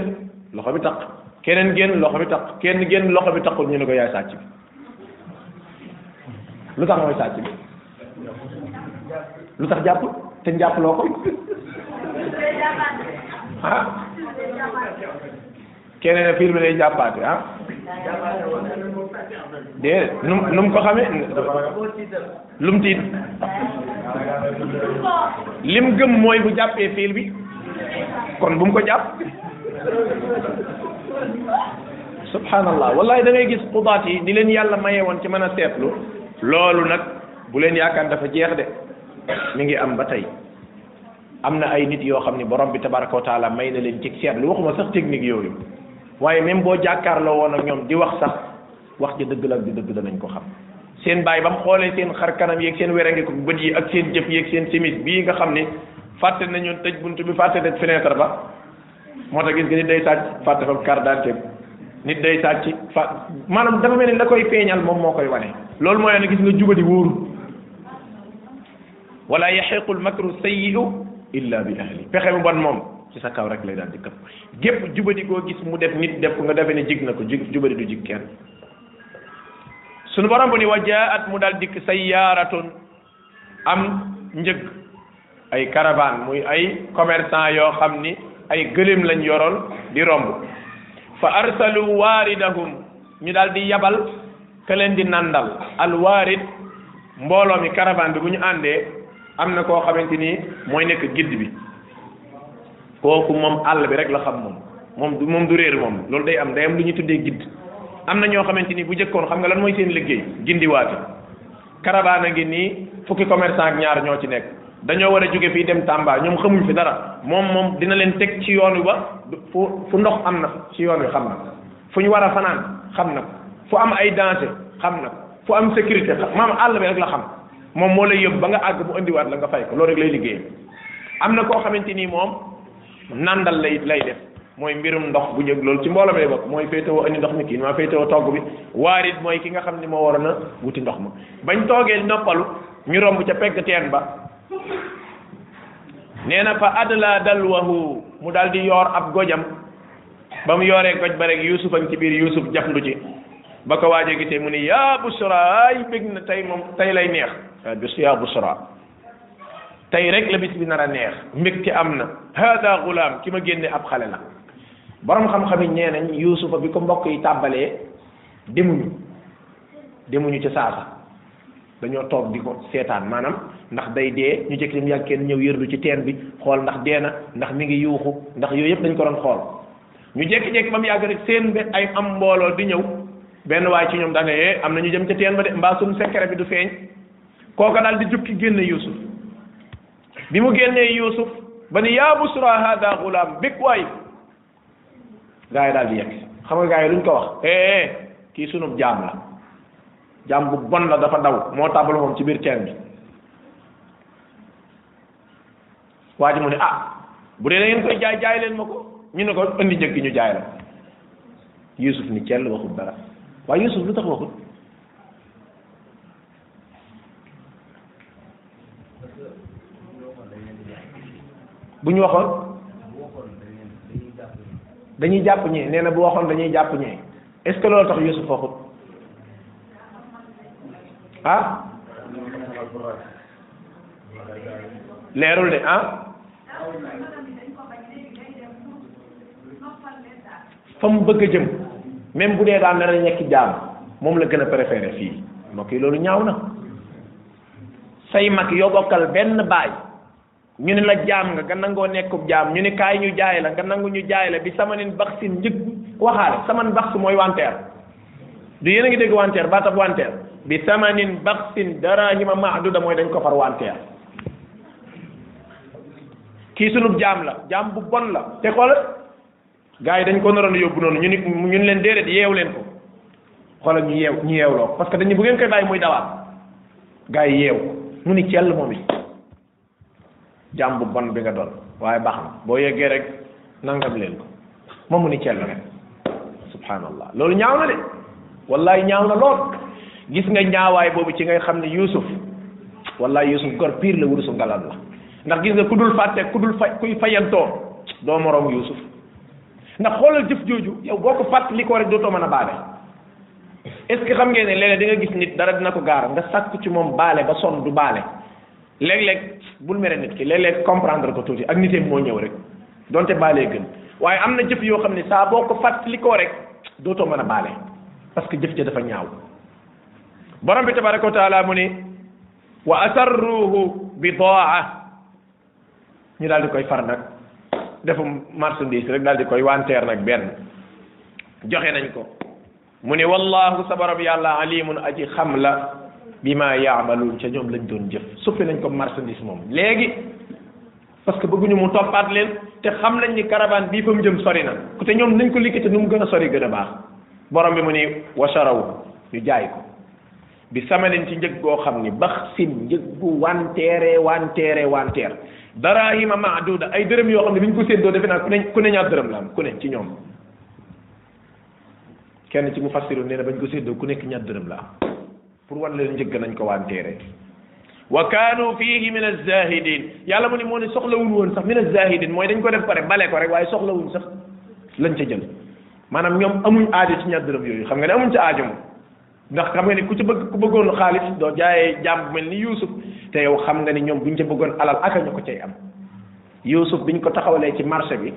[SPEAKER 1] loxo bi taq keneen génn loxo bi taq kenn génn loxo bi taqul ñu ne ko yaay sàcc bi lu tax mooy sàcc bi lu tax jàpp te njàpp loo ko ah keneen a filmé lay jàppaate ah déedéet nu nu mu ko xamee lu mu tiit lim gëm mooy bu jàppee fiil bi kon bu mu ko jàpp subhanallah wallahi da ngay gis xubaat yi ni leen yàlla maye woon ci mën a seetlu loolu nag bu leen yaakaar dafa jeex de mi ngi am ba tey am na ay nit yoo xam ni borom bi tabaraka wa taala may na leen ci seetlu waxuma sax technique yooyu waaye même boo jàkkaarloo woon ak ñoom di wax sax wax ja dëgg la ak di dëgg danañ ko xam seen baay ba mu xoolee seen xar kanam yeeg seen werange ko bët yi ak seen jëf yeeg seen simis bii nga xam ne fàtte nañu tëj bunt bi fàtte tëj fenêtre ba moo tax gis nga nit day sàcc fàtte fa carte d'identité nit day sàcc fa maanaam dafa mel ni la koy feeñal moom moo koy wane loolu mooy ne gis nga jubadi wóoru wala yaxiqu l makru sayyi'u illa bi ahli pexe mu bon moom ci sa kaw rek lay daal di këpp gépp jubadi koo gis mu def nit def ko nga defe ne jig na ko jig jubadi du jig kenn sunu borom bu ni wa jaat mu dal dikk sayaaratun am njëg ay caravane muy ay commerçant yoo xam ni ay gëléem lañ yoroon di romb fa arsalu waaridahum ñu daal di yabal ke leen di nandal al waarid mbooloo mi caravane bi bu ñu àndee am na koo xamante ni mooy nekk gidd bi kooku moom àll bi rek la xam moom moom du moom du réer moom loolu day am day lu ñu tuddee gidd am na ñoo xamante ni bu jëkkoon xam nga lan mooy seen liggéey gindiwaate karabaana ngi nii fukki commerçant ak ñaar ñoo ci nekk dañoo war a jóge fii dem Tamba ñoom xamuñ fi dara moom moom dina leen teg ci yoon wi ba fu fu ndox am na ci yoon wi xam na fu ñu war a fanaan xam na fu am ay danger xam na fu am sécurité maam àll bi rek la xam moom moo lay yóbbu ba nga àgg bu indiwaat la nga fay ko loolu rek lay liggéey am na koo xamante ni moom nandal lay lay def mooy mbirum ndox bu njëkk loolu ci mbooloo mi lay bokk mooy féetewoo indi ndox mi kii maa féetewoo togg bi waarit mooy ki nga xam ne moo waroon a wuti ndox ma bañ toogee noppalu ñu romb ca pegg teen ba nee na fa adla dalwahu mu daal di yoor ab gojam ba mu yooree goj ba rek yusuf a ngi ci biir yusuf jafndu ci ba ko waajee gisee mu ne yaa busra ay bég na tey moom tey lay neex yaa bus yaa busra tey rek la bi nar a neex mbégte am na hada gulaam ki ma génne ab xale la borom xam-xam yi nee nañ yuusufa bi ko mbokk yi tàmbalee demuñu demuñu ci saasa dañoo toog di ko seetaan maanaam ndax day dee ñu jëkk dem yàgg kenn ñëw yërlu ci teen bi xool ndax dee na ndax mi ngi yuuxu ndax yooyu yëpp dañ ko doon xool ñu jékki-jékki ba mu yàgg rek seen benn ay am mbooloo di ñëw benn waaye ci ñoom daan ne eh, am na ñu jëm ca teen ba de mbaa suñu secret bi du feeñ kooka daal di jukki génne Yuusuf bi mu génnee Yuusuf ba ni yaabu busra hada gulaam bég waay gaa yi daal di yegg xam nga gaa yi luñ ko wax eh, eh kii sunub jaam la jaam bu bon la dafa daw moo tàbbal moom ci biir teen bi waa mu ne ah bu dee da koy jaay jaay ma ko ñu ne ko indi njëg gi ñu jaay la Yuusuf ni cell waxut dara waaye Yuusuf lu tax waxut bu ñu waxoon dañuy jàpp ñi nee na bu waxoon dañuy jàpp ñee est-ce que loolu tax Yuusuf waxut ah leerul de ah fa mu bëgg a jëm même bu dee daan na nekk jaam moom la gën a préféré fii mbokk yi loolu ñaaw na say mag yoo bokkal benn baay ñu ne la jaam nga nga nangoo nekkub jaam ñu ne kaay ñu jaay la nga nangu ñu jaay la bi samanin baxsin njëg waxaale saman bax mooy wanteer du yéen a ngi dégg wanteer baa tab wanteer bi samanin baxsin darahima mahduda mooy dañ ko far wanteer kii sunub jaam la jaam bu bon la te xool gars yi dañ ko naroon yóbbu noonu ñu ni ñu leen déedéet yeew leen ko xoolal ñu yeew ñu loo parce que dañu bu ngeen koy bàyyi muy dawaat gars yi yeew mu ni cell moom it jàmbu bu bon bi nga doon waaye baax na boo yeggee rek nangam leen ko moom mu ni cell rek subhanallah loolu ñaaw na de wallahi ñaaw na lool gis nga ñaawaay boobu ci ngay xam ne yusuf wallahi yusuf gor piir la wurusu ngalam la ndax gis nga ku dul fàtte ku dul fa kuy fayantoo doo moroom yusuf ndax xoolal jëf jooju yow boo ko fàttali ko rek dootoo mën a baale est ce xam ngeen ne léeg di nga gis nit dara dina ko gaar nga sàkk ci moom baale ba sonn du baale léeg-léeg bul mere nit ki léeg-léeg comprendre ko tuuti ak niteem moo ñëw rek donte baalee gën waaye am na jëf yoo xam ne saa boo ko fàttalikoo rek dootoo mën a baale parce que jëf ja dafa ñaaw borom bi tabaraka wa taala mu ni wa asarruhu bidaa ñu daal di koy far nag defum marchandise rek daal di koy wanteer nag benn joxe nañ ko mu ni wallahu sa borom yàlla alimun xam la bi maa yaamaluun ca ñoom lañ doon jëf suppi nañ ko marchandise moom léegi parce que bëgguñu mu toppaat leen te xam nañ ni caravane bii fa mu jëm sori na ku te ñoom nañ ko liggéey nu mu gën a sori gën a baax borom bi mu ni wasarawu ñu jaay ko bi samanin ci njëg goo xam ni bax sin njëg gu wanteere wanteere wanteer daraahima maaduda ay dërëm yoo xam ne bi ñu ko séddoo defe naa ku ne ku ne ñaar dërëm la am ku ne ci ñoom kenn ci mu fassiru nee na ba ko séddoo ku nekk ñaar dërëm la am pour wan leen njëgg nañ ko waan wanteere wa kaanu fihi min azahidin yàlla mu ni moo ne soxlawul woon sax min azahidin mooy dañ ko def pare bale ko rek waaye soxlawuñ sax lañ ca jël maanaam ñoom amuñ aajo ci ñaar dërëm yooyu xam nga ne amuñ ca aajo moom ndax xam nga ni ku ci bëgg ku bëggoon xaalis doo jaayee jàmm mel ni Yuusuf te yow xam nga ni ñoom buñ ca bëggoon alal aka ñu ko cay am Yuusuf ñu ko taxawalee ci marché bi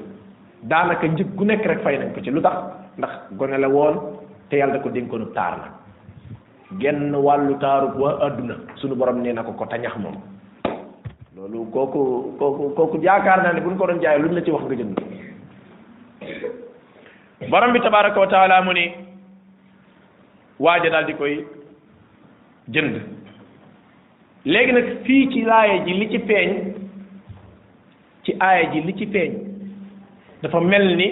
[SPEAKER 1] daanaka njëg ku nekk rek fay nañ ko ci lu tax ndax gone la woon te yàlla da ko dénkoonu taar nag genn wàllu taarub waa adduna suñu borom nee na ko ko tañax moom loolu kooku kooku kooku yaakaar naa ne buñ ko doon jaay luñ la ci wax nga jënd borom bi tabaraka wa taala mu ni waaja daal di koy jënd léegi nag fii ci laaya ji li ci feeñ ci aaya ji li ci feeñ dafa mel ni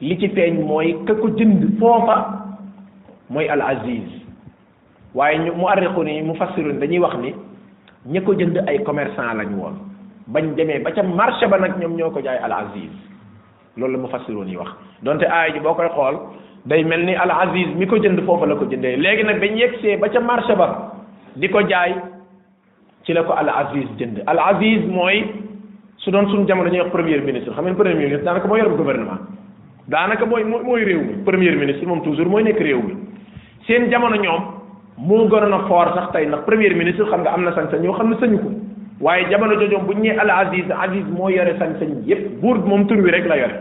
[SPEAKER 1] li ci feeñ mooy ka ko jënd foofa mooy al aziz waaye ñu mu arriqu nii mu fassirun dañuy wax ni ña ko jënd ay commercant lañu woon bañ demee ba ca marché ba nag ñoom ñoo ko jaay al aziz loolu la mu fassiroon yi wax donte aay ji boo koy xool day mel ni al aziz mi ko jënd foofa la ko jëndee léegi nag bañ yegsee ba ca marché ba di ko jaay ci la ko al aziz jënd al aziz mooy su doon suñu jamono ñuy wax premier ministre xam ngeen premier ministre daanaka daanaka mooy mooy réew mi premier ministre moom toujours mooy nekk réew seen jamono ñoom moo gënoon a foor sax tey ndax premier ministre xam nga am na sañ-sañ yoo xam ne sañu ko waaye jamono jojoom bu ñu nee al Aziz Aziz moo yore sañ-sañ yépp buur moom tur wi rek la yore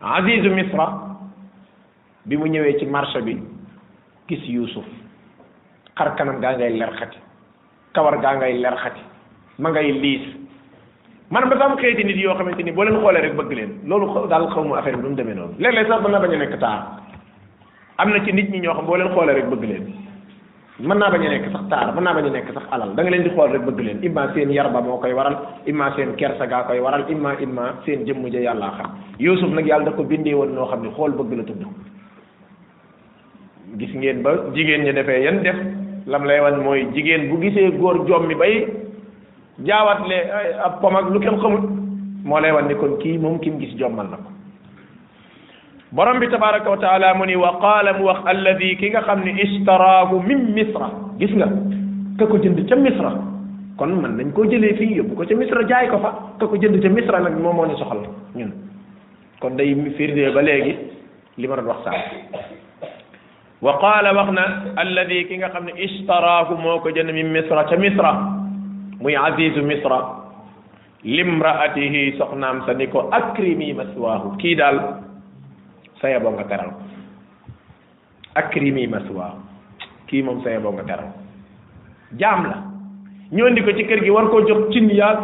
[SPEAKER 1] Azizu Misra bi mu ñëwee ci marché bi gis Yuusuf xar kanam gaa ngay lerxati kawar gaa ngay lerxati ma ngay liis man ba sax xeeti nit yoo xamante ni boo leen xoolee rek bëgg leen loolu daal xaw mu affaire bi du mu demee noonu léeg-léeg sax mën na bañ nekk taar am na ci nit ñi ñoo xam boo leen xoolee rek bëgg leen mën naa bañ a nekk sax taar mën naa bañ a nekk sax alal da nga leen di xool rek bëgg leen imma seen yarba moo koy waral imma seen kersa gaa koy waral imma imma seen jëmm ja yàllaa xam Yuusuf nag yàlla da ko bindee woon noo xam ne xool bëgg la tudd gis ngeen ba jigéen ñi defee yan def lam lay wan mooy jigéen bu gisee góor joom mi bay jaawatle ab pom ak lu kenn xamut moo lay wan ni kon kii moom ki mu gis jommal na ko borom bi tabaraka wa taala mu ni wa qaala mu wax alladi ki nga xam ne istaraahu min misra gis nga ka ko jënd ca misra kon man nañ koo jëlee fii yóbbu ko ca misra jaay ko fa ka ko jënd ca misra nag moom moo ñu soxal ñun kon day firndee ba léegi li ma doon wax saa wa qaala wax na alladi ki nga xam ne istaraahu moo ko jënd min misra ca misra muy azizu misra limraatihi soxnaam sa ni ko akrimi maswaahu kii daal sa yaboo nga teral ko kii moom sa yaboo nga teral jaam la ñoo indi ko ci kër gi war koo jox cin yaag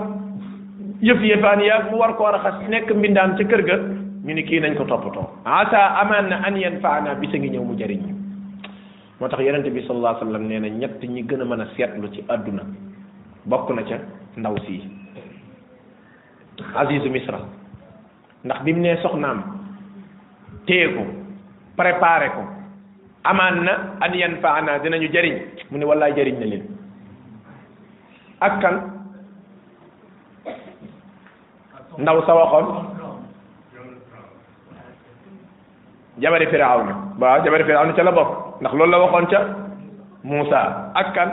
[SPEAKER 1] yëf yëfaan yaag mu war koo raxas nekk mbindaan ca kër ga ñu ni kii nañ ko toppatoo asa amaan na an yanfaana bisa ngi ñëw mu jariñ moo tax yonente bi sallallahu alayhi wasallam nee na ñett ñi gën a mën a seetlu ci àdduna bokk na ca ndaw sii azizu misra ndax bi mu nee soxnaam téye ko préparé ko amaan na an dinañu jariñ mu ne wallaay jariñ na leen ak kan ndaw sa waxoon jabari firawna waaw jabari firawna ca la bokk ndax loolu la waxoon ca Muusa ak kan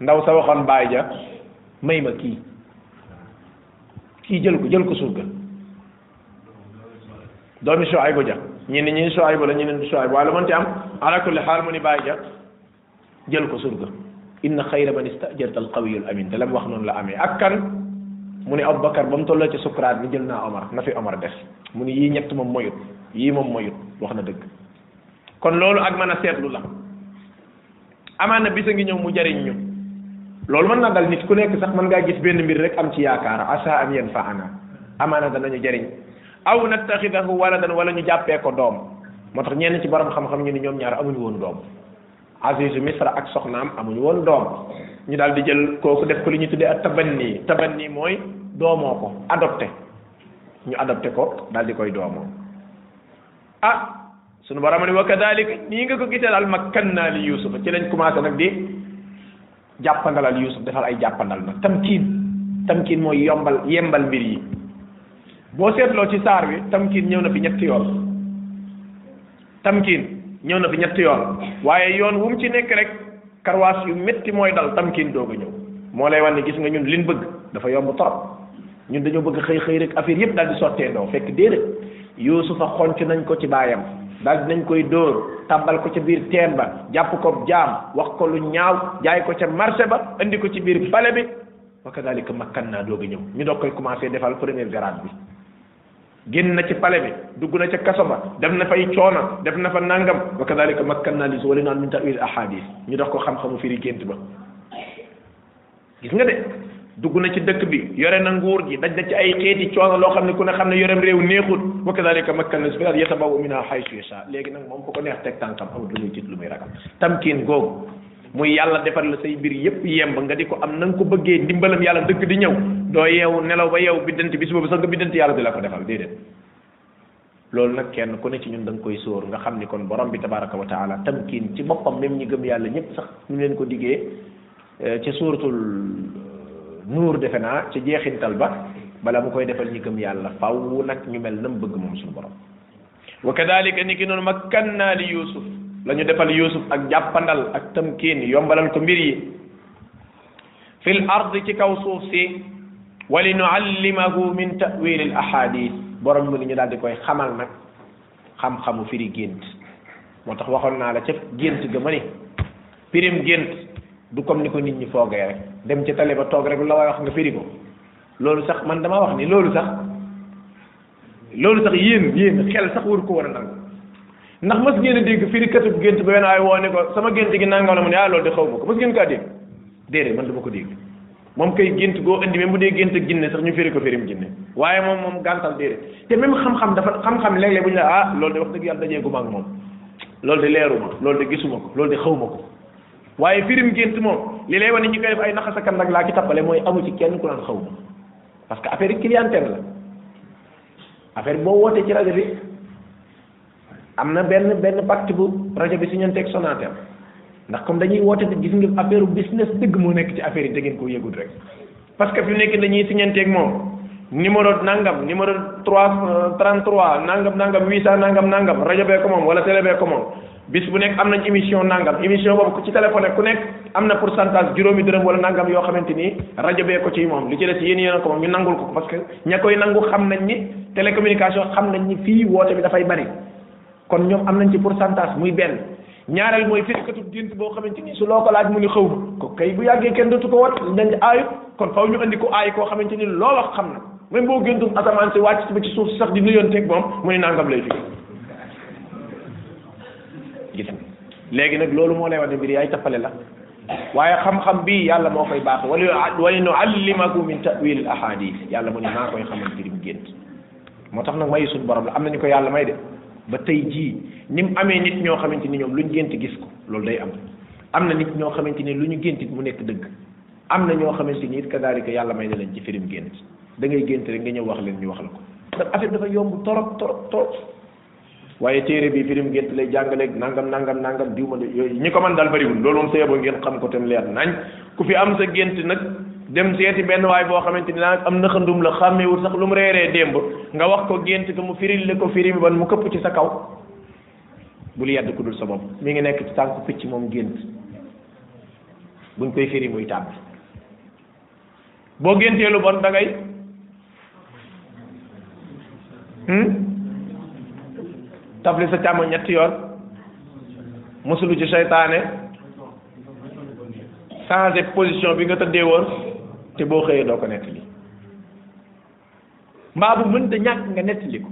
[SPEAKER 1] ndaw sa waxoon baay ja may ma kii kii jël ko jël ko surga doomi Shuaybu ja ñenn ñi Shuaybu la ñeneen Shuaybu waaye lu mën ci am ala kulli xaal mu ni bàyyi ja jël ko surga inna xayra man istajarta alqawiyul amin wax noonu la amee ak kan mu ni Abubakar ba mu tolloo ci sukuraat ni jël naa Omar na fi Omar des mu ni yii ñett moom moyut yii moom moyut wax na dëgg kon loolu ak mën a seetlu la amaan na bisa ñëw mu jariñ ñu loolu mën naa dal nit ku nekk sax mën ngaa gis benn mbir rek am ci yaakaar asa an yanfa'ana amaana danañu jariñ aw nattaxidahu waladan wala ñu jàppee ko doom moo tax ñeen ci borom xam-xam ñu ni ñoom ñaar amuñu woon doom azizu misra ak soxnaam amuñu woon doom ñu daal di jël kooku def ko li ñu tuddee ak tabanni nii mooy doomoo ko adopté ñu adopté ko daal di koy doomoo ah sunu borom ni wa kadalika nii nga ko gisee daal naa li ba ci lañ commencé nag di jàppandalal yusuf defal ay jàppandal nag tamkiin tamkiin mooy yombal yembal mbir yi boo seetloo ci saar bi tamkiin ñëw na fi ñetti yoon tamkiin ñëw na fi ñetti yoon waaye yoon wu ci nekk rek karwaas yu métti mooy dal tamkiin doog a ñëw moo lay wan ne gis nga ñun liñ bëgg dafa yomb torop ñun dañoo bëgg xëy xëy rek affaire yëpp daal di sottee doo fekk déedéet yuusufa xonc nañ ko ci baayam daal dinañ koy dóor tàbbal ko ca biir teen ba jàpp ko jaam wax ko lu ñaaw jaay ko ca marché ba indi ko ci biir pale bi wa kadalika makkan naa doog a ñëw ñu doog koy commencé defal première grade bi génn na ci pale bi dugg na ca kaso ba dem na fay coona def na fa nangam wa kadalika makkanna li zuhuriha min a ahadith ñu dox ko xam-xamu firi gént ba gis nga de dugg na ci dëkk bi yore na nguur gi daj na ci ay xeeti coono loo xam ne ku ne xam ne yore yorem réew neexut wa kadalika makkanna fil ardi yatabawa minha haythu yasha léegi nag moom fu ko neex teg tànkam amut lu muy tiit lu muy ragal tamkin googu muy yàlla defar la say mbir yépp yemb nga di ko am na nga ko bëggee dimbalam yàlla dëkk di ñëw doo yeewu nelaw ba yeewu biddanti bi suba bi sax nga biddanti yàlla di la ko defal déedéet loolu nag kenn ku ne ci ñun da koy sóor nga xam ni kon borom bi tabaraka wa taala tamkiin ci boppam même ñi gëm yàlla ñëpp sax ñu leen ko diggee eh, ca suuratul eh, nuur defe naa ca jeexintal ba bala mu koy defal ñi gëm yàlla faw nag ñu mel nam bëgg moom suñu borom wa lañu defal yusuf ak jàppandal ak tamkiin yombalal ko mbir yi fil ard ci kaw suuf si wali nuallimahu min tawil al ahadith borom bi li ñu daal di koy xamal nag xam-xamu firi gént moo tax waxoon naa la ca gént ga ma ni pirim gént du comme ni ko nit ñi foogee rek dem ci tali ba toog rek lu la wax nga firi ko loolu sax man dama wax ni loolu sax loolu sax yéen yéen xel sax war ko war a nangu ndax mas ngeen a dégg firi katub gént ba wenn ay woo ne ko sama gént gi nangam la mu ne ah loolu de xaw ko mas ngeen kaa dégg déedéet man dama ko dégg moom kay gént goo indi même bu dee gént ak sax ñu firi ko firim jinne waaye moom moom gàntal déedéet te xam dafa xam-xam léeg-léeg bu la ah loolu de wax dëgg yàlla dajeegu ma ak moom loolu de leeruma loolu de gisuma ko loolu de xawma ko waaye firim gént moom li lay wane ñi koy def ay naxasakan nag laa ci tappale mooy amu ci kenn ku naan xawma parce que affaire clientèle la affaire boo wootee ci rajo bi am na benn benn pacte bu rajo bi si ñoom teg Sonatel ndax comme dañuy woote te gis nga affaire business dëgg moo nekk ci affaire yi da ngeen koo yëgut rek parce que fi mu nekk dañuy siñanteeg moom numéro nangam numéro trois euh, trente trois nangam nangam huit cent nangam nangam rajo bee ko moom wala télé bee ko moom bis bu nekk am nañ émission nangam émission boobu ku ci téléphone ku nekk am na pour pourcentage juróomi dërëm wala nangam yoo xamante ni rajo bee ko ci moom li ci des yéen yéen ko ñu nangul ko parce que ña koy nangu xam nañ ni télécommunication xam nañ ni fii woote bi dafay bari kon ñoom am nañ ci pour pourcentage muy benn ñaareel mooy firikatu gént boo xamante ni su loo ko laaj mu ni xaw ma ko kay bu yàggee kenn dootu ko wat dañ aayu kon faw ñu andi ko aay koo xamante ni loo wax xam na même boo géntu ba ci suuf si sax di nuyonteeg moom mu ne nangam lay firi gis nga léegi nag loolu moo lay wax ne mbir yaay tappale la waaye xam-xam bi yàlla moo koy baax wala wala nu allimakum min tawil al ahadith yàlla mu ne maa koy xamal mbir mu gént moo tax nag mayu suñu borom la am na ñu ko yàlla may de ba tey jii ni mu amee nit ñoo xamante ni ñoom lu ñu gént gis ko loolu day am am na nit ñoo xamante ni lu ñu gént it mu nekk dëgg am na ñoo xamante ni it kadaalika yàlla may na leen ci firim gént da ngay gént rek nga ñëw wax leen ñu wax la ko ndax affaire dafa yomb torop torop torop waaye téere bi firim gént lay jàngaleeg nangam nangam nangam diw ma de yooyu ñi ko man daal bariwul loolu moom sa yeboo ngeen xam ko tam leer nañ ku fi am sa gént nag dem seeti benn waay boo xamante ni nag am naxandum la xàmmewul sax lu mu reeree démb nga wax ko gént ko mu firil ko firi bi ban mu këpp ci sa kaw bul yedd ku dul sa bopp mi ngi nekk ci tànk picc moom gént buñ koy firi muy tàbb boo géntee lu bon da ngay hmm? tafli sa càmm ñetti yoon musulu ci seytaane changer position bi nga tëddee woon te boo xëyee doo ko nettali mbaa bu mënta ñàkk nga nettali ko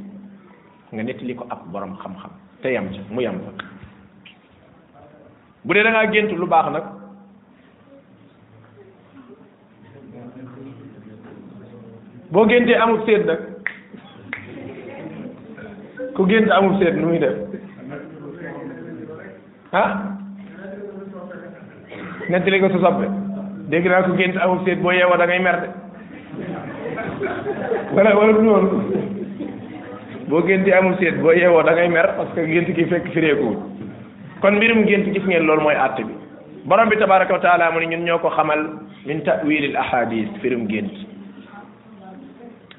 [SPEAKER 1] nga nettali ko ab boroom xam-xam te yam ca mu yam fa bu dee da gént lu baax nag boo géntee amul seet nag ku gént amul seet nu muy def ah nettali ko sa soppe dégg naa ko gént amul seet boo yeewoo da ngay merde wala wala du noonu boo gént amul seet boo yeewoo da ngay mer parce que gént ki fekk fireekuwul kon mbirum gént gis ngeen loolu mooy àtt bi borom bi tabaraka wa taala mu ne ñun ñoo ko xamal min tawil al ahadith firum gént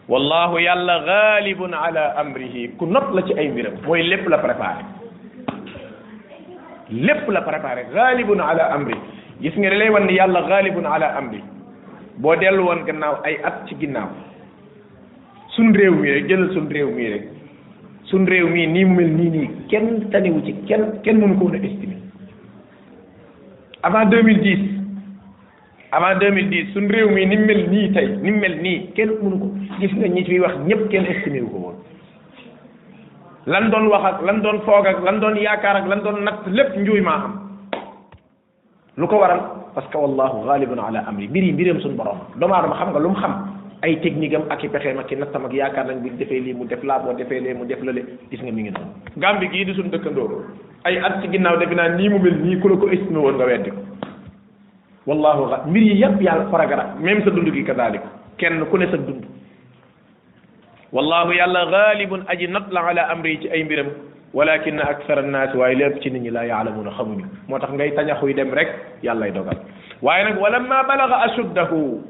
[SPEAKER 1] wallahu yàlla gaalibun ala amrihi ku not la ci ay mbiram mooy lépp la préparé lépp la préparé gaalibun ala amri gis nga da lay wan ni yàlla xaalibun am bi boo dellu woon gannaaw ay at ci ginnaaw suñ réew mii rek jëlal suñ réew mii rek réew mii nii mu mel nii nii kenn tanewu ci kenn kenn mënu ko woon a estimer avant deux mille dix avant deux mille dix suñ réew mii ni mu mel nii tey ni mu mel nii kenn mënu ko gis nga ñi fi wax ñëpp kenn estimé ko woon lan doon wax ak lan doon foog ak lan doon yaakaar ak lan doon lépp njuuy maa am lu ko waral parce que wallahu ghalibun ala amri biri mbiram sun borom doomu adama xam nga lum xam ay technique ak i pexeem ak i ak yaakaar nañ bi defé li mu def la bo defé le mu def le gis nga mi ngi noonu gambi gi di sun dëkkandoo ay at ci ginnaw def na ni mu mel ni ku la ko estimé won nga weddi wallahu ghalib mbir yi yëpp yàlla faragara même sa dundu gi kadalik kenn ku ne sa dundu wallahu yàlla ghalibun ajnat la ala amri ci ay mbiram walakin aksar an-nas way lepp ci nit ñi la ya'lamuna xamuñu motax ngay tañaxuy dem rek yalla dogal waye nak walamma balagha ashuddahu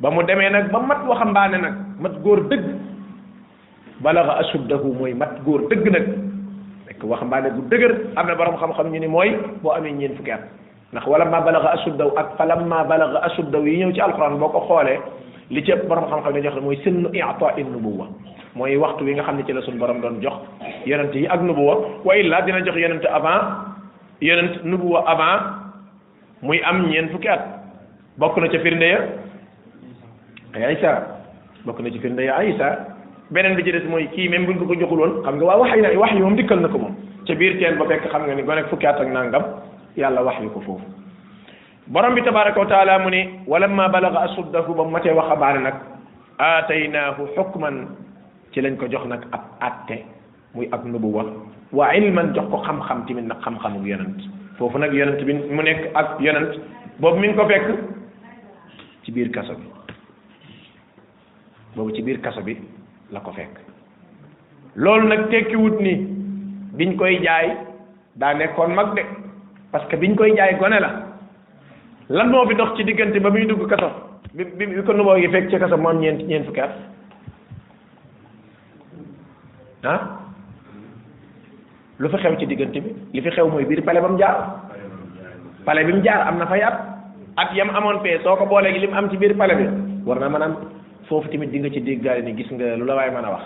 [SPEAKER 1] ba mu demee nag ba mat waxambaane nag mat góor dëgg balaga ashuddahu mooy mat góor dëgg nag nekk waxambaane bu dëgër am na borom xam-xam ñu ni mooy boo amee ñeen fukki at ndax wala ma balaga ashuddaw ak falamma balaga ashuddaw yi ñëw ci alquran boo ko xoolee li ci borom xam-xam ne jox mooy sinnu i'ta nubuwa moy waxtu wi nga xamni ci la sun borom don jox yonent yi ak nubuwa wa illa dina jox yonent avant yonent nubuwa avant muy am ñen fukki at bokku na ci firnde ya aisha bokku na ci firnde ya aisha benen bi ci dess moy ki même buñ ko ko joxul won xam nga wa wax yi wax yi moom dikkal nako mom ci bir biir teen ba fekk xam nga ni gone fukki at ak nangam yàlla wax yu ko fofu borom bi tabaaraku taala muni walamma balagha asuddahu ba mu matee wax abaane nag aataynahu ci lañ ko jox nag ab atte muy ab nubuwa wa man jox ko xam-xam tamit nag xam-xamu yonent foofu nag yonent bi mu nekk ak yonent boobu mi ko fekk ci biir kaso bi boobu ci biir kaso bi la ko fekk loolu nag tekkiwut ni biñ koy jaay daa nekkoon mag de parce que biñ koy jaay gone la lan moo bi dox ci diggante ba muy dugg kaso bi bi ko nubuwa yi fekk ci kaso moom ñeenti ñeent fukki Ah? lu fi xew ci diggante bi li fi xew mooy biir pale ba mu jaar pale bi mu jaar am na fay at at yam amoon fee soo ko booleegi li mu am ci biir pale bi war na mën am foofu tamit di nga ci déggaale ni gis nga lu la waay mën a wax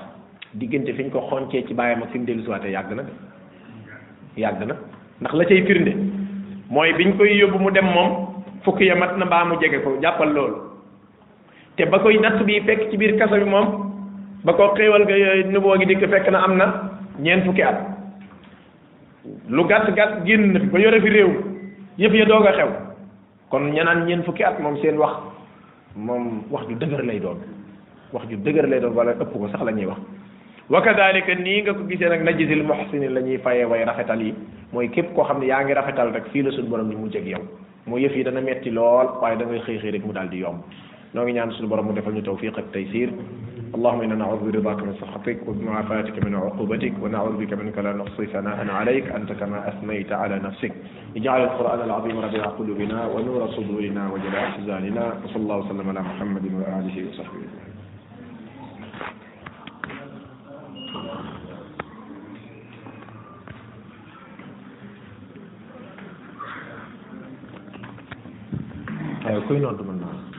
[SPEAKER 1] diggante fi ñu ko xoncee ci bàyyam ma fi mu dellu siwaatee yàgg na yàgg na ndax la cay firnde mooy biñ koy yóbbu mu dem moom fukk ya mat na mbaa mu jege ko jàppal loolu te ba koy natt bi fekk ci biir kaso bi moom ba ko xéewal ga yooyu nuboo gi dikk fekk na am na ñeen fukki at lu gàtt gàtt génn na fi ba yore fi réew yëpp ya doo nga xew kon ñanaan ñeen fukki at moom seen wax moom wax ju dëgër lay doon wax ju dëgër lay doon wala ëpp ko sax la ñuy wax wa kadalika nii nga ko gisee nag najzil muhsinin la ñuy fayee way rafetal yi mooy képp koo xam ne yaa ngi rafetal rek fii la suñu borom di mu ak yow moo yëf yi dana metti lool waaye da ngay xëy xëy rek mu daal di yomb noo ñaan suñu borom mu defal ñu tawfiq ak taysir اللهم إنا نعوذ برضاك من سخطك وبمعافاتك من عقوبتك ونعوذ بك منك لا نحصي ثناء عليك أنت كما أثنيت على نفسك اجعل القرآن العظيم ربيع قلوبنا ونور صدورنا وجلاء أحزاننا وصلى الله وسلم على محمد وآله وصحبه أجمعين أيوة أنتم أردو